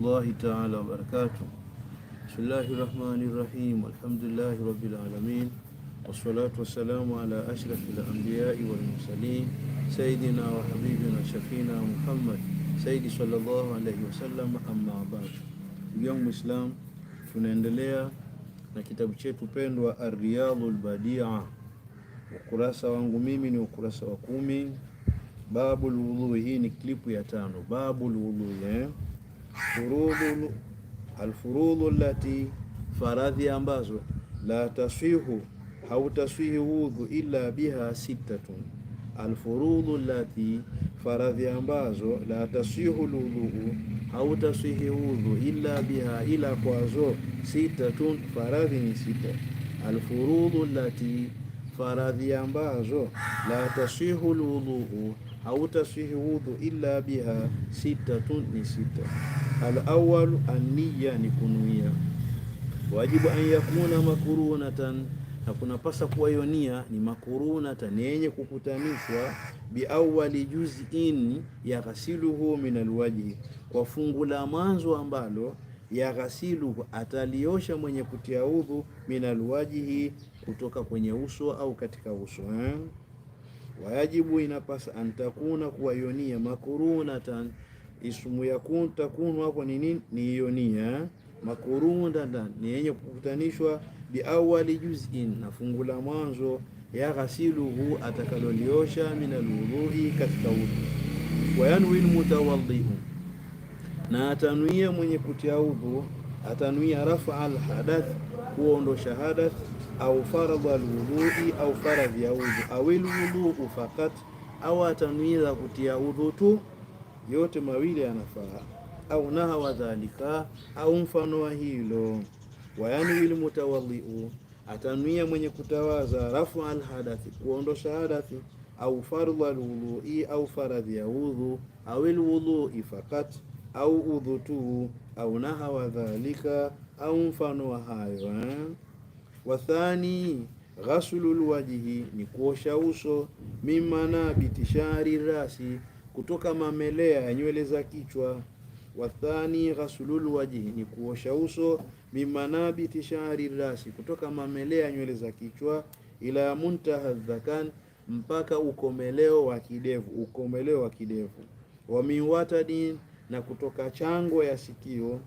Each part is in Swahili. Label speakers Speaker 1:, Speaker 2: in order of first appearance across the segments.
Speaker 1: Allahi taala wabarakatuh. Bismillahi rahmani rahim. Alhamdulillahi rabbil alamin wassalatu wassalamu ala ashrafil anbiyai wal mursalin sayidina wa habibina shafina Muhammad sayyidi sallallahu alayhi wasallam, amma ba'd. Ndugu yangu Muislam, tunaendelea na kitabu chetu pendwa Ar-Riyadul Badia. Ukurasa wangu mimi ni ukurasa wa kumi, babul wudhu. Hii ni klipu ya tano, babul wudhu eh alfurudhu allati faradhi ambazo la taswihu hautaswihi wudhu illa biha sittatun, alfurudhu allati faradhi ambazo la taswihu lwudhuu hautaswihi wudhu illa biha, ila kwazo sittatun, faradhi ni sita. Alfurudhu allati faradhi ambazo la taswihu lwudhuu hautaswihi taswihi wudhu illa biha sitatun, ni sita. Alawalu anniya, ni kunuia. Wajibu an yakuna makurunatan, na kunapasa kuwa hiyo nia ni makurunatan, yenye kukutanishwa biawali juz'in yaghsiluhu min alwajhi, kwa fungu la mwanzo ambalo yaghsiluhu, ataliosha mwenye kutia udhu min alwajhi, kutoka kwenye uso au katika uso eh? wayajibu inapasa antakuna kuwa ionia makurunatan ismu yakun kun takunu hapo ni nini? Ni ionia makurunatan ni yenye kukutanishwa biawali juz'in, na fungu la mwanzo ya ghasiluhu atakaloliosha min alwudhui, katika udhu. Wayanwi mutawaddihu, na atanuia mwenye kutia udhu, atanuia rafa alhadath, kuondosha hadath au faradhu alwudui au faradhi ya udhu au fakat au atanuiza kutia udhu tu, yote mawili yanafaa. Au naha wa dhalika, au mfano wa hilo. Wayani ilmutawadhiu, atanuia mwenye kutawaza rafu alhadathi, kuondosha hadathi au faradhu alwudui au faradhi ya udhu au ilwudui fakat au udhu tu au naha wa dhalika, au mfano wa hayo eh? Wathani ghaslul wajhi, ni kuosha uso. Mimanabiti shari rasi, kutoka mamelea ya nywele za kichwa. Wathani ghaslul wajhi, ni kuosha uso. Mimanabiti rasi, kutoka mamelea ya nywele za kichwa. Ila muntaha dhakan, mpaka ukomeleo wa kidevu, ukomeleo wa kidevu. Wa miwatadin, na kutoka chango ya sikio.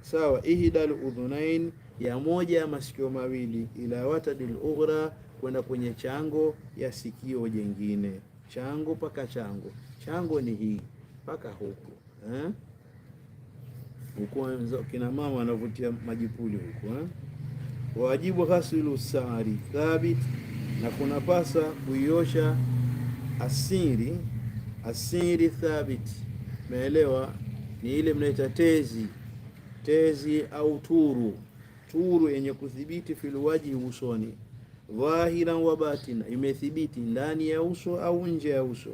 Speaker 1: Sawa, ihdal udhunain ya moja ya masikio mawili, ila watadil ughra, kwenda kwenye chango ya sikio jengine, chango paka chango, chango ni hii mpaka huku eh? huko kina mama wanavutia majipuli huko eh? wajibu ghasilu sari thabit, na kuna pasa kuiosha asiri asiri thabit. meelewa Ni ile mnaita tezi tezi au turu masturu, yenye kudhibiti filwaji usoni, dhahiran wa batina, imethibiti ndani ya uso au nje ya uso,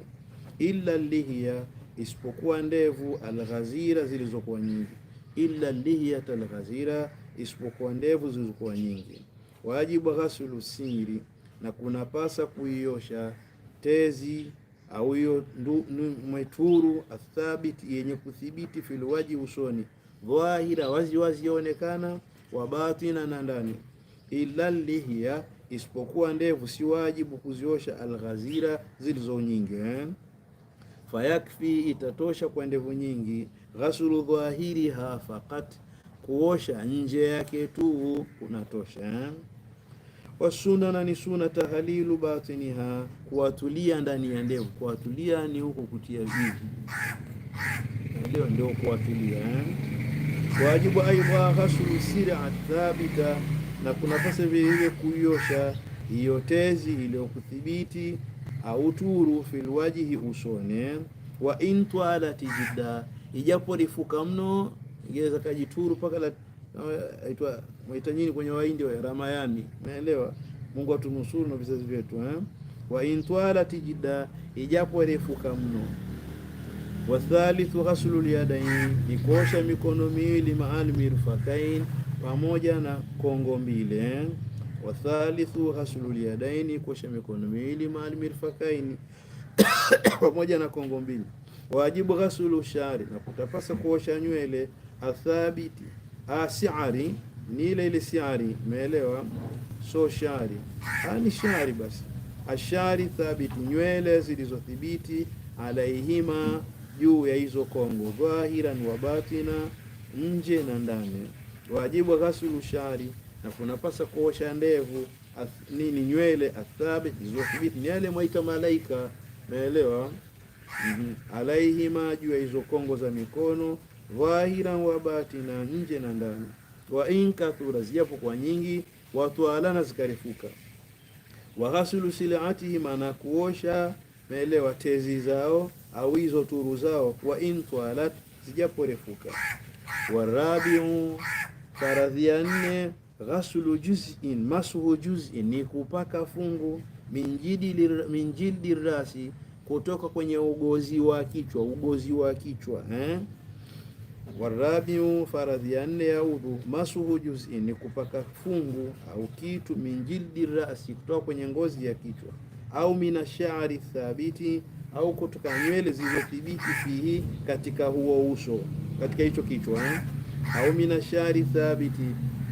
Speaker 1: illa lihiya, isipokuwa ndevu, alghazira, zilizokuwa nyingi, illa lihiyat alghazira, isipokuwa ndevu zilizokuwa nyingi. Wajibu ghasulu siri, na kunapasa kuiosha tezi au hiyo mweturu athabiti, yenye kuthibiti filwaji usoni, dhahira, wazi wazi wa batina na ndani, ila lihiya, isipokuwa ndevu, si wajibu kuziosha, alghazira, zilizo nyingi eh? Fayakfi, itatosha kwa ndevu nyingi, ghasulu dhahiriha faqat, kuosha nje yake tu kunatosha eh? Wasuna na ni sunna tahlilu batiniha, kuwatulia ndani ya ndevu. Kuwatulia ni huko kutia vivi, ndio ndio kuwatulia eh? wajibu aidha ghasulu sira thabita, na kuna fasa vile vile kuiosha hiyo tezi iliyokuthibiti au turu filwajihi usone, wa intwalati jidda, ijapo lifuka mno, ingeweza kajituru paka la aitwa eh, mwita nyini kwenye waindi wa Ramayani, naelewa. Mungu atunusuru na vizazi vyetu eh, wa intwalati jidda, ijapo lifuka mno wathalithu ghaslu lyadain, ni kuosha mikono miwili maal mirfakain, pamoja na kongo mbili. Eh? Wathalithu ghaslu lyadain, kuosha mikono miwili maal mirfakain, pamoja na kongo mbili. Wajibu ghaslu shari, na kutapasa kuosha nywele athabiti asiari, ah, ni ile ile siari, umeelewa? So shari ani ah, shari, basi ashari thabiti, nywele zilizothibiti alaihima juu ya hizo kongo, dhahiran wa batina, nje na ndani. Wajibu ghasulu shari, na kunapasa kuosha ndevu nini nywele athabit zilizothabiti ni yale mwaita malaika, naelewa mm -hmm. alaihima juu ya hizo kongo za mikono dhahira wa batina, nje na ndani. Wa inkathura, zijapo kwa nyingi, watwalana zikarefuka. Wa ghasulu silaatihima, na kuosha naelewa tezi zao au hizo turu zao, wa in twalat, zijaporefuka. Warabiu faradhi ya nne, ghaslu juz'in, masuhu juz'in, ni kupaka fungu min rasi, kutoka kwenye ugozi wa kichwa, ugozi wa kichwa eh? Warabiu faradhi ya nne ya udhu masuhu juz'in, ni kupaka fungu au kitu minjildi rasi, kutoka kwenye ngozi ya kichwa au minashari thabiti au kutoka nywele zilizothibiti fihi, katika huo uso, katika hicho kichwa eh? au minashari thabiti,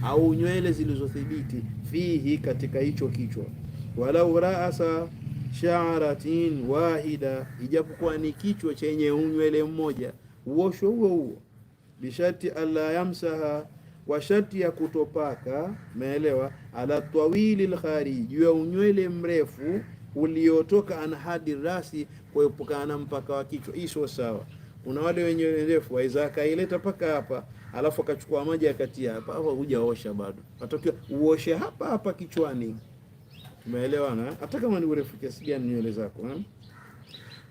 Speaker 1: au nywele zilizothibiti fihi, katika hicho kichwa. Walau raasa sha'ratin wahida, ijapokuwa ni kichwa chenye unywele mmoja, uosho huo huo bishati alla yamsaha kwa sharti ya kutopaka, umeelewa? Ala tawili lkhari, juu ya unywele mrefu uliotoka an hadi rasi, kuepukana na mpaka wa kichwa. Hii sio sawa. Kuna wale wenye ndefu waweza akaileta paka hapa, alafu akachukua maji akatia hapa, au hujaosha bado, atakiwa uoshe hapa hapa kichwani. Tumeelewana, eh? hata kama ni urefu kiasi gani nywele zako ha? Eh?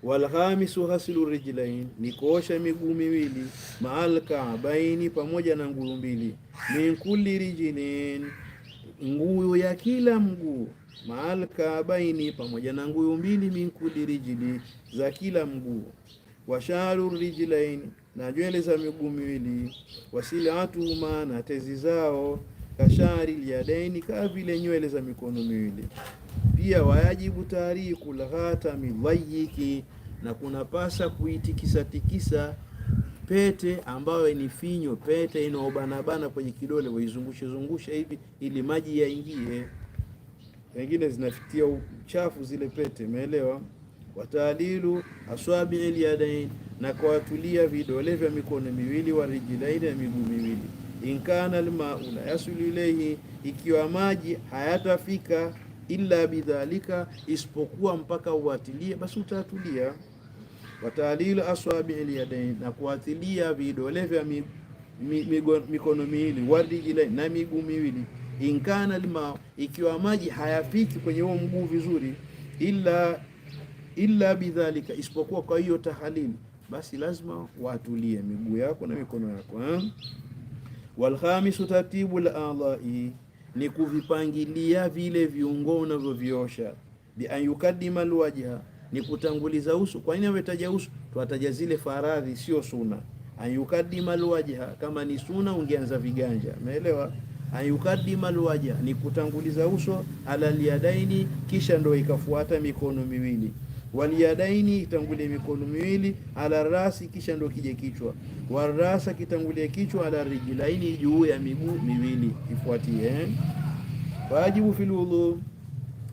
Speaker 1: Walhamisu ghasilu rijlain, ni kuosha miguu miwili, maalka baini, pamoja na nguu mbili, min kulli rijlin, nguu ya kila mguu maalka baini pamoja na nguyu mbili, minkudi rijili, za kila mguu, washaru rijilaini, na nywele za miguu miwili, wasilatuhuma, na tezi zao, kashari liadaini, kama vile nywele za mikono miwili. Pia wayajibu tariku lghatami dhayiki, na kunapasa kuitikisa tikisa pete ambayo ni finyo, pete inaobanabana kwenye kidole, waizungushe zungusha hivi ili maji yaingie pengine zinafikia uchafu zile pete, umeelewa? wataalilu aswabi alyadain, na kuwatulia vidole vya mikono miwili, wa rijilaini, na miguu miwili. Inkana almau la yasulu ilayhi, ikiwa maji hayatafika illa bidhalika, isipokuwa mpaka uatilie, basi utatulia. wataalilu aswabi alyadain, na kuwatilia vidole vya mikono miwili, wa rijilaini, na miguu miwili inkana lma, ikiwa maji hayafiki kwenye huo mguu vizuri, ila ila bidhalika, isipokuwa kwa hiyo tahalili, basi lazima watulie miguu yako na mikono yako ha? Eh? Walkhamisu tartibu ladai, ni kuvipangilia vile viungo unavyoviosha. Bian yukadima alwajha, ni kutanguliza uso. Kwa nini ametaja uso? Tuataja zile faradhi, sio suna. An yukadima alwajha, kama ni suna ungeanza viganja, umeelewa? ayukadima alwaja ni kutanguliza uso, ala liadaini, kisha ndo ikafuata mikono miwili walyadaini itangulie mikono miwili, ala rasi, kisha ndo kije kichwa. Warasa kitangulie kichwa, ala rijilaini, juu ya miguu miwili ifuatie. Eh? Wajibu fil wudhu,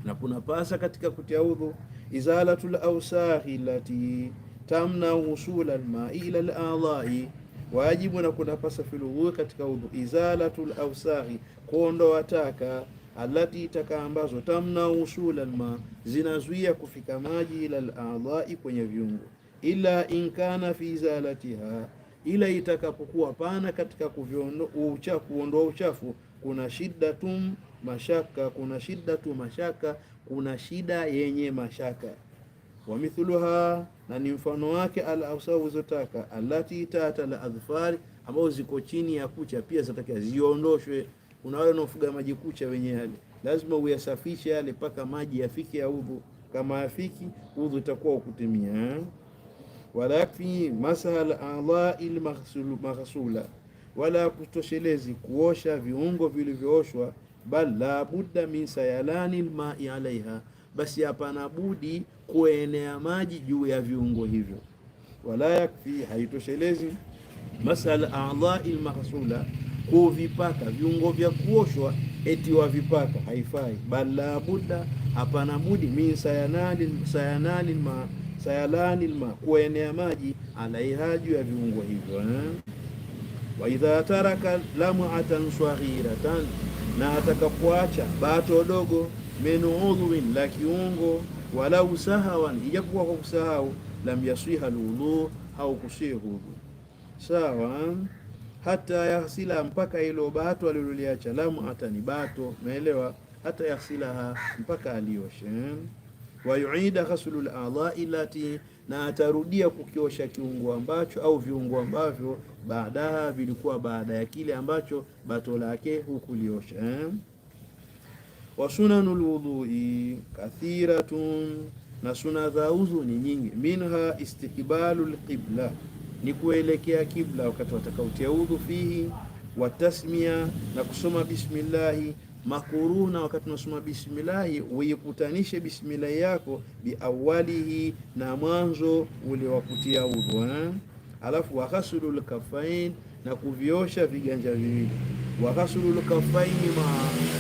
Speaker 1: na kuna pasa katika kutia udhu. Izalatul awsahi lati tamna usula almai ila aladhai wajibu na kunapasa filughu katika udhu, izalatul awsaghi, kuondoa taka alati taka ambazo tamna usula ma zinazuia kufika maji ila aladhai, kwenye viungo, ila inkana fi izalatiha, ila itakapokuwa pana katika ucha, kuondoa uchafu kuna shiddatun mashaka, kuna shiddatu mashaka, kuna shida yenye mashaka wa mithluha na ni mfano wake al awsafu zotaka alati tata la adhfari, ambao ziko chini ya kucha, pia zatakiwa ziondoshwe. Kuna wale wanaofuga maji kucha wenye wenyewe, lazima uyasafishe yale mpaka maji yafike ya udhu. Kama yafiki udhu itakuwa ukutimia. Eh? Wala yakfi ala il maghsula, wala kutoshelezi kuosha viungo vilivyooshwa, bal la budda min sayalani alma'i alaiha, basi hapana budi kuenea maji juu ya viungo hivyo. Wala yakfi, haitoshelezi masala a'dha'il maghsula, kuvipaka viungo vya kuoshwa eti wavipaka haifai, bal la budda, hapana budi, min sayanali sayanali ma sayalani ma, kuenea maji alaiha juu ya viungo hivyo eh? wa idha taraka lam'atan saghiratan, na atakapoacha bato dogo, min udhuin, la kiungo walau sahawan, ijapokuwa kwa kusahau, lam yasiha lulu au wudu sawa hata yasila mpaka ilo bato aliloliacha, lamu atani bato, umeelewa? Hata yahsilaha mpaka alioshe. Wa yuida al a'dha'i lati, na atarudia kukiosha kiungo ambacho au viungo ambavyo baadaha vilikuwa baada ya kile ambacho bato lake hukuliosha wa sunanul lwudhui kathiratun, na suna za udhu ni nyingi. Minha istiqbalul lqibla, ni kuelekea kibla wakati watakautia udhu. Fihi wa tasmia, na kusoma bismillahi makuruna, wakati unasoma bismillahi uikutanishe bismillahi yako biawalihi, na mwanzo uliwakutia udhu. Eh? Alafu ghasulul kafain na kuviosha viganja viwili, waghasulu kafaini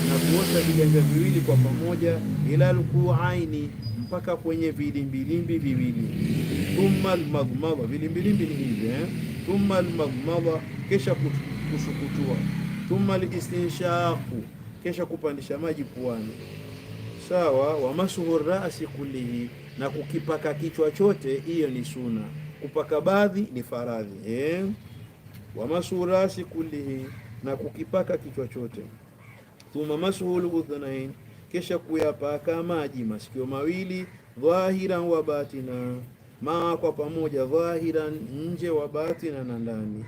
Speaker 1: na kuosha viganja viwili kwa pamoja, ila alkuaini, mpaka kwenye vilimbilimbi viwili. Thumma almadmada, vilimbilimbi ni hivi eh? Thumma almadmada, kisha kusukutua. Thumma alistinshaku, kisha kupandisha maji puani sawa wa masuhu rasi kulihi, na kukipaka kichwa chote. Hiyo ni suna, kupaka baadhi ni faradhi eh? wamasurasi kullihi, na kukipaka kichwa chote. Thumma masuhul udhunain, kisha kuyapaka maji masikio mawili, dhahiran wa batina, maa kwa pamoja, dhahiran nje, wa batina na ndani,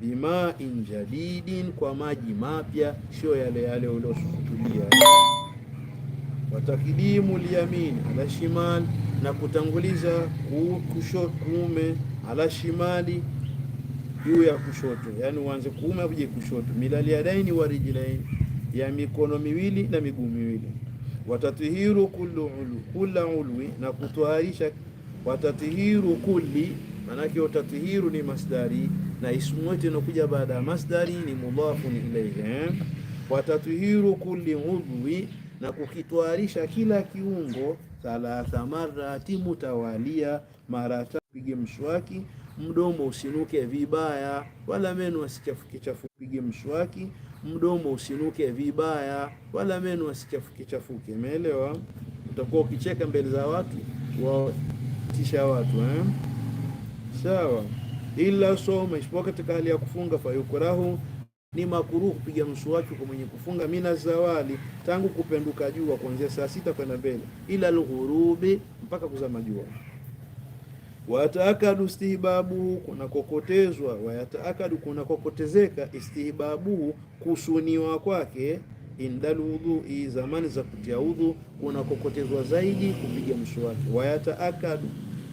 Speaker 1: bima injadidin kwa maji mapya, sio yale yale uliosukulia watakidimu liyamin ala shimal, na kutanguliza kuume ala shimali juu ya kushoto, yani uanze kuume uje kushoto. Milali ya daini wa rijlain, ya mikono miwili na miguu miwili. Watatihiru kullu ulu, kula ulwi, na kutoharisha. Watatihiru kulli, manake watatihiru ni masdari na ismu yote inokuja baada ya masdari ni mudhafun ilayhi. Eh? Watatihiru kulli ulwi, na kukitoharisha kila kiungo. Thalatha marati mutawalia, mara tatu. Pige mswaki mdomo usinuke vibaya, wala meno asichafukichafuke. Mswaki mdomo usinuke vibaya, wala meno chafuke Umeelewa? Utakuwa ukicheka mbele za watu, watisha watu eh? Sawa. Ila soma, isipokuwa katika hali ya kufunga, fayukurahu ni makuruhu kupiga mswaki kwa mwenye kufunga, mina zawali, tangu kupenduka jua, kuanzia saa sita kwenda mbele, ila lughurubi, mpaka kuzama jua wayataakadu istihbabuhu kunakokotezwa wayataakadu, kunakokotezeka istihbabuhu, kusuniwa kwake indal wudhui, zamani za kutia udhu, kunakokotezwa zaidi kupiga mswaki. Wayataakadu,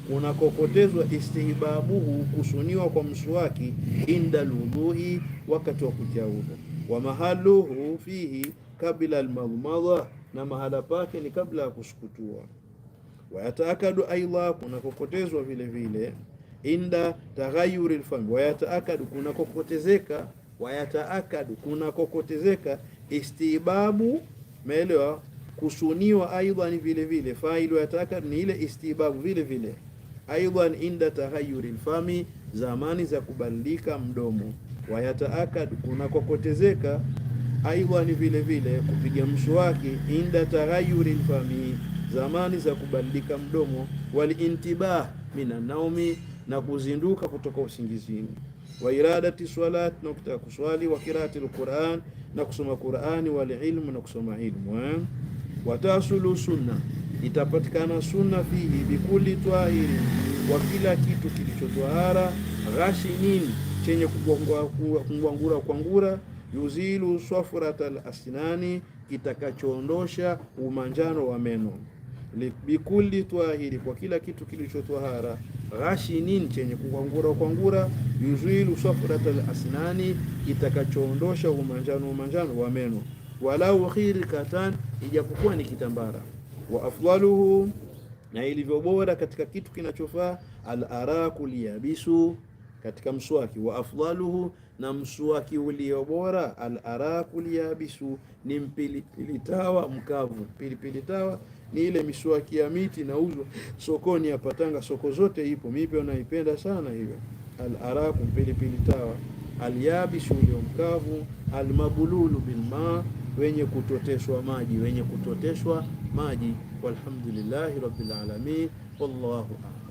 Speaker 1: kunakokotezwa istihbabuhu, kusuniwa kwa mswaki indal wudhui, wakati wa kutia udhu. Wa mahaluhu fihi kabla almadmadha, na mahala pake ni kabla ya kusukutua wayataakadu aidha, kunakokotezwa vile vile inda taghayuri lfami, wayataakadu kunakokotezeka, wayataakadu kunakokotezeka istibabu, umeelewa? Kusuniwa aidha ni vile vile, failu yataakadu ni ile istibabu vile vile, aidha inda taghayuri lfami, zamani za kubadilika mdomo, wayataakadu kunakokotezeka aidha ni vile vile kupiga mswaki inda taghayuri lfami zamani za kubadilika mdomo, walintibah mina naumi, na kuzinduka kutoka usingizini, wa iradati swalati, na kutaka kuswali, wa qiraati alquran, na kusoma Qurani, wal ilmu, na kusoma ilmu eh? tasulu sunna, itapatikana sunna fihi bikuli twahiri, kwa kila kitu kilichotwahara, nini chenye kungwangura kwangura yuzilu safrata al asnani, kitakachoondosha umanjano wa meno bikuli twahiri, kwa kila kitu kilichotwahara, nini chenye kukwangura kwangura, yuzilu safrata alasnani, kitakachoondosha umanjano umanjano wa meno, walau khirkatan, ijapokuwa ni kitambara. Wa afdaluhu, na ilivyo bora katika kitu kinachofaa, al araku liyabisu katika mswaki wa afdaluhu, na mswaki ulio bora al-araku liyabisu, ni mpilipili tawa mkavu. Pilipili tawa ni ile miswaki ya miti nauzwa sokoni ya Patanga, soko zote ipo. mipe naipenda sana hiyo alarakul, pilipili tawa al-yabisu, ulio mkavu, almabululu bilma, wenye kutoteshwa maji, wenye kutoteshwa maji. Walhamdulillahi rabbil alamin, wallahu a'lam.